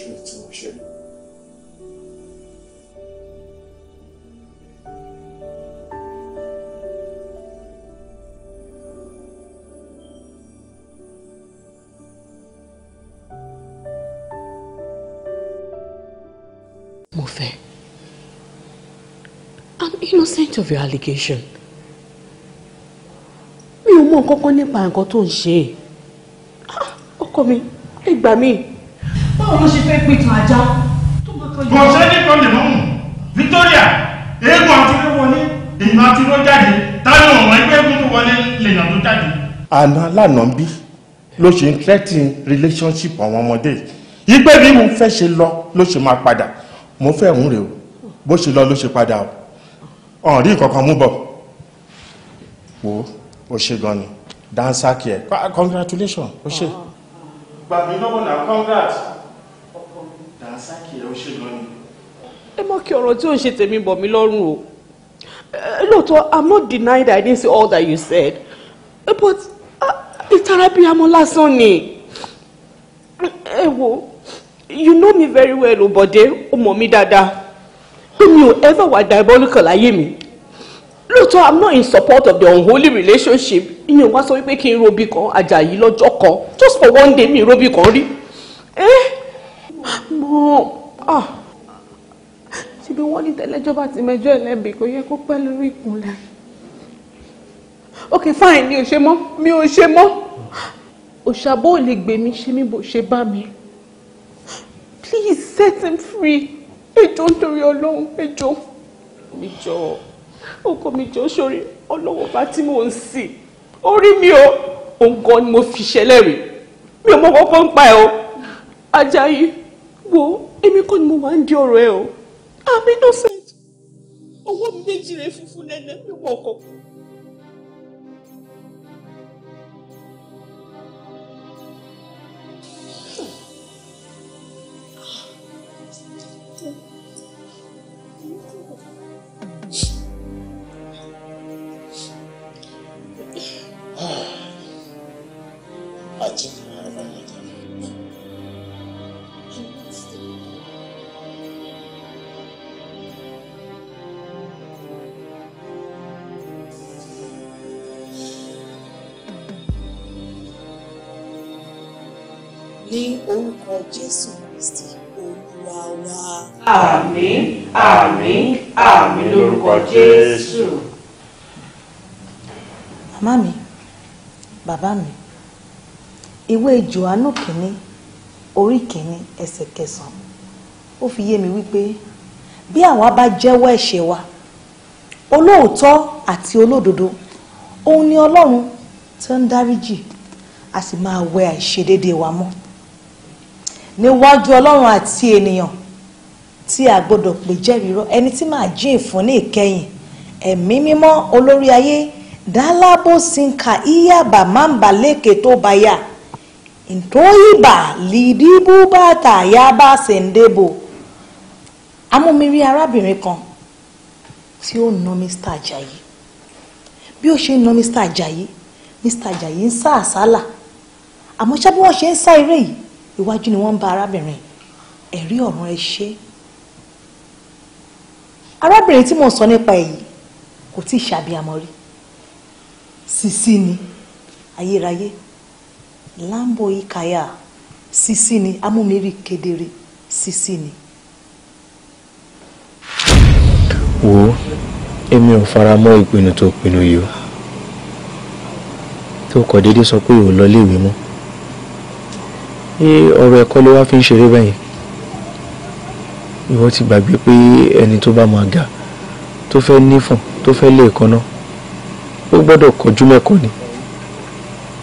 Speaker 6: ju
Speaker 2: i'm innocent of your allegation mi ò mọ nǹkan kan nípa nǹkan tó ń ṣe ah, ọkọ mi ẹ gbà báwo ló ṣe fẹ́ pé tàn ajá
Speaker 4: tó máa tọ́jú. kò ṣe é nìkan lè mọ́mù Victoria eégún
Speaker 1: àti ló wọlé èèyàn àti ló jáde táwọn ọmọ ẹgbẹ́ eégún tó wọlé lèèyàn ló jáde. àná lànà bí ló ṣe ń threatening relationship àwọn ọmọdé ìgbẹ́ mi mo fẹ́ ṣe lọ ló ṣe máa padà mo fẹ́ ń rè o bó ṣe lọ ló ṣe padà o ọ̀n rí nǹkan mú bọ̀ wo o ṣe gan ni dansa kí congratulations o ṣe. gbàgbé lọ́wọ́ náà congrats àǹsákì ẹ̀ ó ṣe lọ ni.
Speaker 2: ẹ má kí ọ̀rọ̀ tí ò ń ṣe tèmi bọ̀ mí lọ́rùn o lóòótọ́ i'm not denied i didn't see all that you said eh, but ah, ìtara bíi amọ lásán ni ẹ wo you know me very well o Bọ̀dé o mọ̀ mí dáadáa pé mi ò ever wà diabolical láyé
Speaker 4: mi lóòótọ́ i'm not in support of the unholy relationship ìyẹn wá sọ wípé kí n robi kan Àjàyí lọ́jọ́ kan just for one day mi robi kan rí.
Speaker 2: Eh? Ah, ṣebí wọ́n ní tẹ́lẹ́jọba ti mẹjọ́ ẹlẹ́bi kò yẹ kó pẹ́ lórí ìkúnlẹ̀ ok fine mi ò ṣe mọ́ mi ò ṣe mọ́ òṣàbò ò lè gbè mí ṣe mí bó ṣe bá mi please set him free ẹjọ́ nítorí ọlọ́run ẹjọ́ mi jọ ọkọ mi jọ sórí ọlọ́wọ́ bá tí mò ń sìn orí mi o òǹkọ ni mo fi ṣẹlẹ̀ rí mi ò mọ kọ́kọ́ ń pa ẹ̀ o Ajayi wo èmi kọ́ ni mo wà ń di ọ̀rọ̀ ẹ o
Speaker 4: i'm innocent ọwọ́ mi méjì rẹ̀ funfun lẹ́lẹ́ mi wọ̀ ọ̀kọ̀ọ̀kan.
Speaker 6: jésù kristi olúwa wa. àmín àmín àmín lórúkọ jésù.
Speaker 2: màmá mi bàbá mi ìwé johannu kìíní orí kìíní ẹsẹ̀ kẹsàn-án ó fi yé mi wípé bí àwa bá jẹ́wọ́ ẹ̀ṣẹ̀ wa olóòótọ́ àti olódodo òun ni ọlọ́run tó ń dáríjì a sì máa wẹ àìṣedéédéé wa mọ́ níwájú ọlọ́run àti ènìyàn tí a gbọ́dọ̀ pè jẹ́rìírọ́ ẹni tí màá jíìn fún ní ìkẹyìn ẹ̀mí mímọ́ olórí ayé dálábò sinka iyaba mamba leke tó baya ntóyìnbá lidibu bàtà yaba sèǹdébò amúmiri arábìnrin kan tí ó na Mr. Ajayi bí ó ṣe na Mr. Ajayi Mr. Ajayi ń sá àsálà àmọ́ ṣá bí wọ́n ṣe ń sá eré yìí iwájú ni wọ́n ń ba arábìnrin ẹ̀rí ọ̀ràn ẹ ṣe arábìnrin tí mò sọ nípa èyí kò tí ì ṣàbíamọ rí sisi ni ayérayé lambo ikaya sisi ni amúmiri kedere sisi ni.
Speaker 3: wo èmi ò fara mọ́ ìpinnu tó pinnu yìí o tó kọ̀ déédéé sọ pé ò lọ léèwé mọ́ ṣé ọ̀rọ̀ ẹ̀kọ́ ló wá fi ń ṣeré bẹ́yìn ìwọ ti gbàgbé pé ẹni tó bá máa ga tó fẹ́ nífọ̀n tó fẹ́ lé èékánná ó gbọ́dọ̀ kọjú mẹ́kọ̀ọ́ ni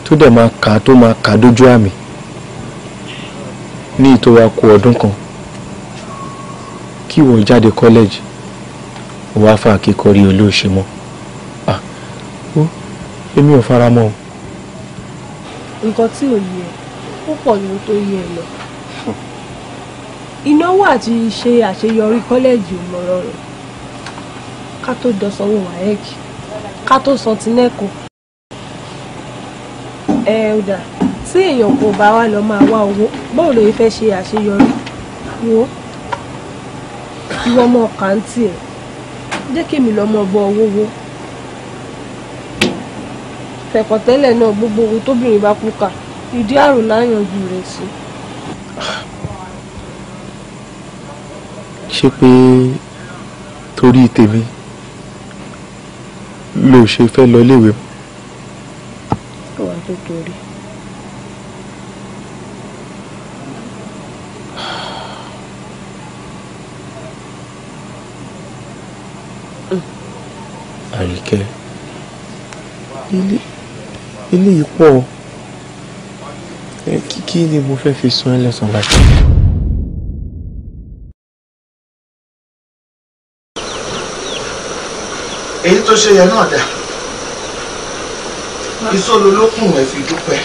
Speaker 3: tó dẹ̀ máa kà tó máa kà dójú àmì ní ìtòwá ku ọdún kan kí ìwọ jáde kọ́lẹ́jì wàá fà kíkọrí olóòṣè mọ́ ah ó èmi ò fara mọ́ o.
Speaker 2: nǹkan tí ò yẹ púpọ̀ ju tó yẹ lọ ìnáwó àti ṣe àṣeyọrí kọ́lẹ́ẹ̀jì òmọ̀rọ̀ rẹ̀ ká tó jọ sanwó waec ká tó san tinẹ́kù ẹ ò dà tí èèyàn kò bá wa lọ máa wá owó báwo ló fẹ́ ṣe àṣeyọrí wo ìwọ ọmọ kàǹtì ẹ̀ jẹ́ kémi lọ́mọ bọ owó wo fẹ̀kọ̀tẹ́lẹ̀ náà gbogbo ohun tóbìnrin bá kú kà ìdí àrùn láyànjú rẹ̀ sí.
Speaker 3: ṣé pé torí tèmi ló ṣe fẹ́ lọ iléèwé mọ́.
Speaker 5: ó wà tó
Speaker 6: torí.
Speaker 3: àríkẹ́ ilé ilé yìí pọ̀ ọ́. Qui qui de ni mo fẹ́ fi sun ẹlẹ́sàn láti.
Speaker 4: èyí tó ṣe yẹn náà dà ìṣòro ló kùn ẹ fi dúpẹ́.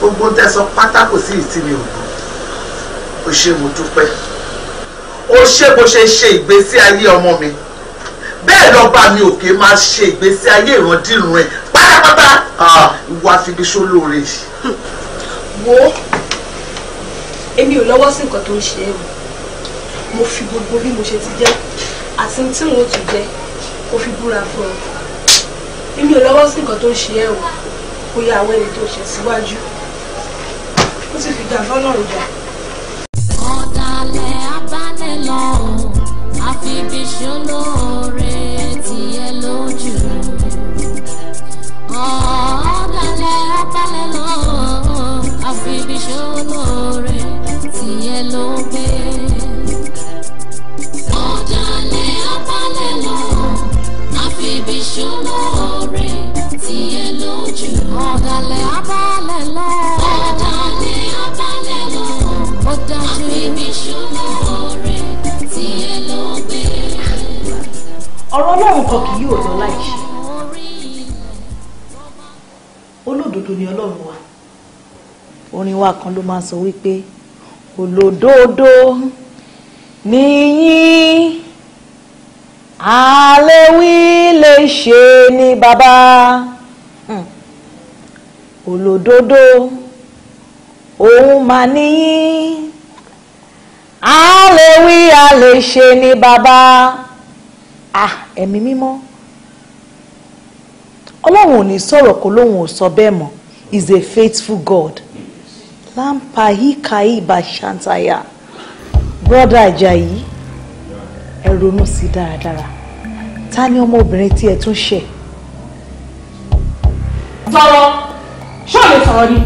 Speaker 4: gbogbo tẹsán pátá kò sí ìtìmí òògùn ó ṣe mo dúpẹ́ ó ṣe bó ṣe ṣe ìgbésí ayé ọmọ mi bẹ́ẹ̀ lọ́ba mi òkè máa ṣe ìgbésí ayé ìrandíran ẹ̀ pátápátá. Ah. Ah, wá fi ibi sólóore. wo
Speaker 2: èmi ò lọ́wọ́ sí nǹkan tó ń ṣe é mo fi gbogbo bí mo ṣe ti jẹ́ àti tí mo tún jẹ́ kó fi búra fún ọ èmi ò lọ́wọ́ sí nǹkan tó ń ṣe ẹ́ o kó yá àwọn ẹni tó ṣe síwájú ó ti fi gbà fọ́lọ́run jà.
Speaker 5: ọ̀dàlẹ̀ abálẹ̀ àfi ibi ṣó lóore.
Speaker 2: kan ló máa sọ wípé olódodo nìyín àléwí lè ṣe ní bàbá hmm. olódodo òun mà nìyín àléwí àlè ṣe ní bàbá ah, ẹ̀mí mímọ́ ọlọ́run ò ní sọ̀rọ̀ kó lóun ò sọ bẹ́ẹ̀ mọ́ is a faithful God. Mm lampahikai bashantaya broda ajayi ẹ ronú sí dáradára ta ni ọmọbìnrin tí ẹ tún ṣe. sọ̀rọ̀ ṣọ́ọ̀lù sọ̀rọ̀ ni.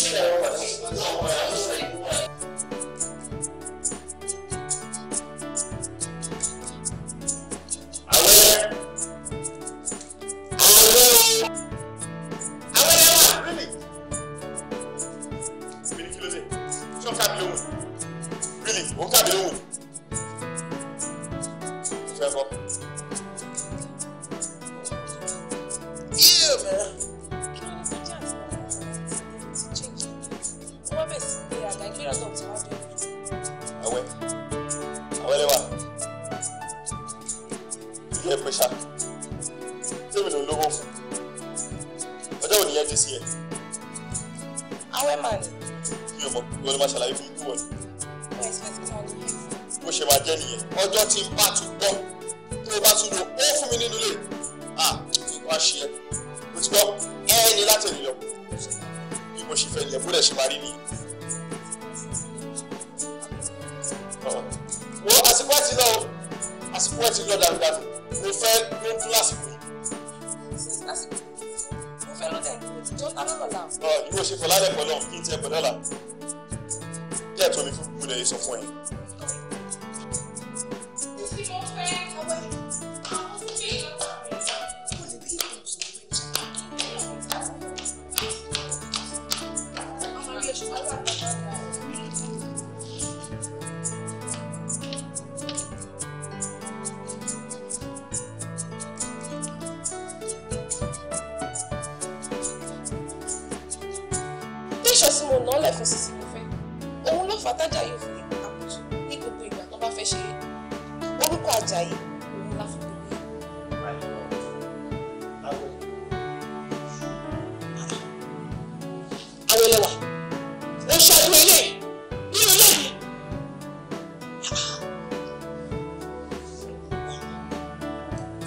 Speaker 6: Thank you.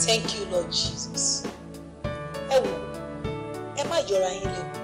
Speaker 2: thank you lord jesus ẹ wò ẹ má yọra yín lẹ́nu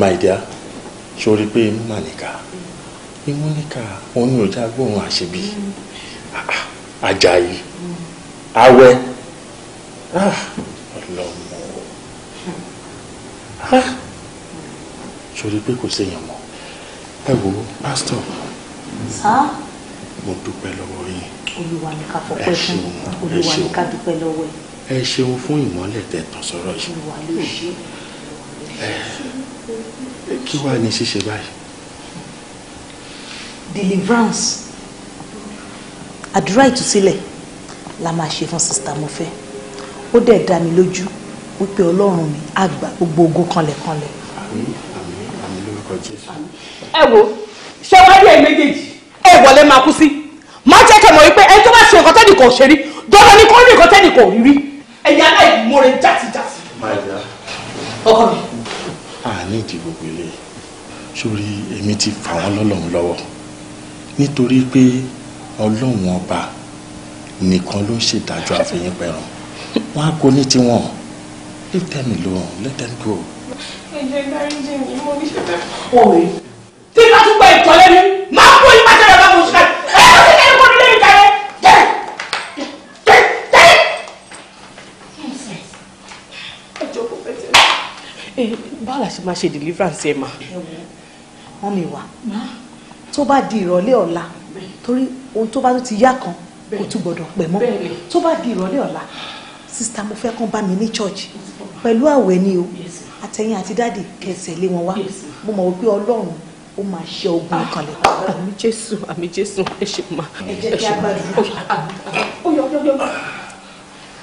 Speaker 1: my dear sori pé imú mà níkà imú níkà wọn ní ọjà gbóhùn àṣebí ah, Àjàyí awẹ ah, ọlọmọ sori ah, pé kò séèyàn mọ́ ẹ wo pásítọ̀ mo dúpẹ́ lọ́wọ́ yín
Speaker 2: olúwa ní ká fọpẹ́ fún olúwa ní ká dúpẹ́ lọ́wọ́
Speaker 1: ẹ ṣeun fún ìmọ́lẹ̀ tẹ̀tàn sọ̀rọ̀
Speaker 2: yìí olúwa
Speaker 1: kí wàá ní ṣíṣe báyìí.
Speaker 2: deliverance àdúrà ìtúsílẹ̀ la máa ṣe fún sista Mofe ó dẹ̀ dá mi lójú wípé ọlọ́run mi á gba gbogbo ogun kanlẹ̀kanlẹ̀. àmín àmín àmín lórúkọ jésù. ẹ wo ṣé wàá rí ẹ méjèèjì ẹ wọlé máa kú sí máa jẹ́ kẹ́ mọ̀ wípé ẹni tó bá ṣe nǹkan tẹ́nìkan ò ṣe rí dandan ni kò rí nǹkan tẹ́nìkan ò rí rí ẹ̀yà
Speaker 4: aláìmọ̀rẹ̀ jásíjásí. ọkọ mi
Speaker 1: nídìí gbogbo eléyìí sórí èmi ti fà wọ́n lọ́lọ́run lọ́wọ́ nítorí pé ọlọ́run ọba nìkan ló ń ṣèdájọ́ àfẹ̀yìnpẹ̀rùn wọn á kó ní tiwọn leave them alone let them go.
Speaker 2: ẹ jẹ́ dáríjì mi mo ní ṣe fẹ́. ọ̀rẹ́ tí bá tún gba ìtọ́lẹ́nu má ṣe máa ṣe deliverance ẹ̀ mà. wọ́n mi wà tó bá di ìrọ̀lẹ́ ọ̀la torí ohun tó bá tó ti yá kan kò tún gbọ́dọ̀ pẹ́ mọ́ tó bá di ìrọ̀lẹ́ ọ̀la sista mo fẹ́ kán bá mi ní church pẹ̀lú àwẹ̀ ni o àtẹ̀yìn àti dáàdì kẹsẹ̀ lé wọn wá mo mọ̀ wípé ọlọ́run ó máa ṣe ogun ah. ìkànlẹ̀. àmì jésù àmì jésù ẹ ṣe máa ẹ ṣe máa. ẹ jẹ́ kí a gbàdúrà.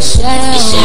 Speaker 5: shell.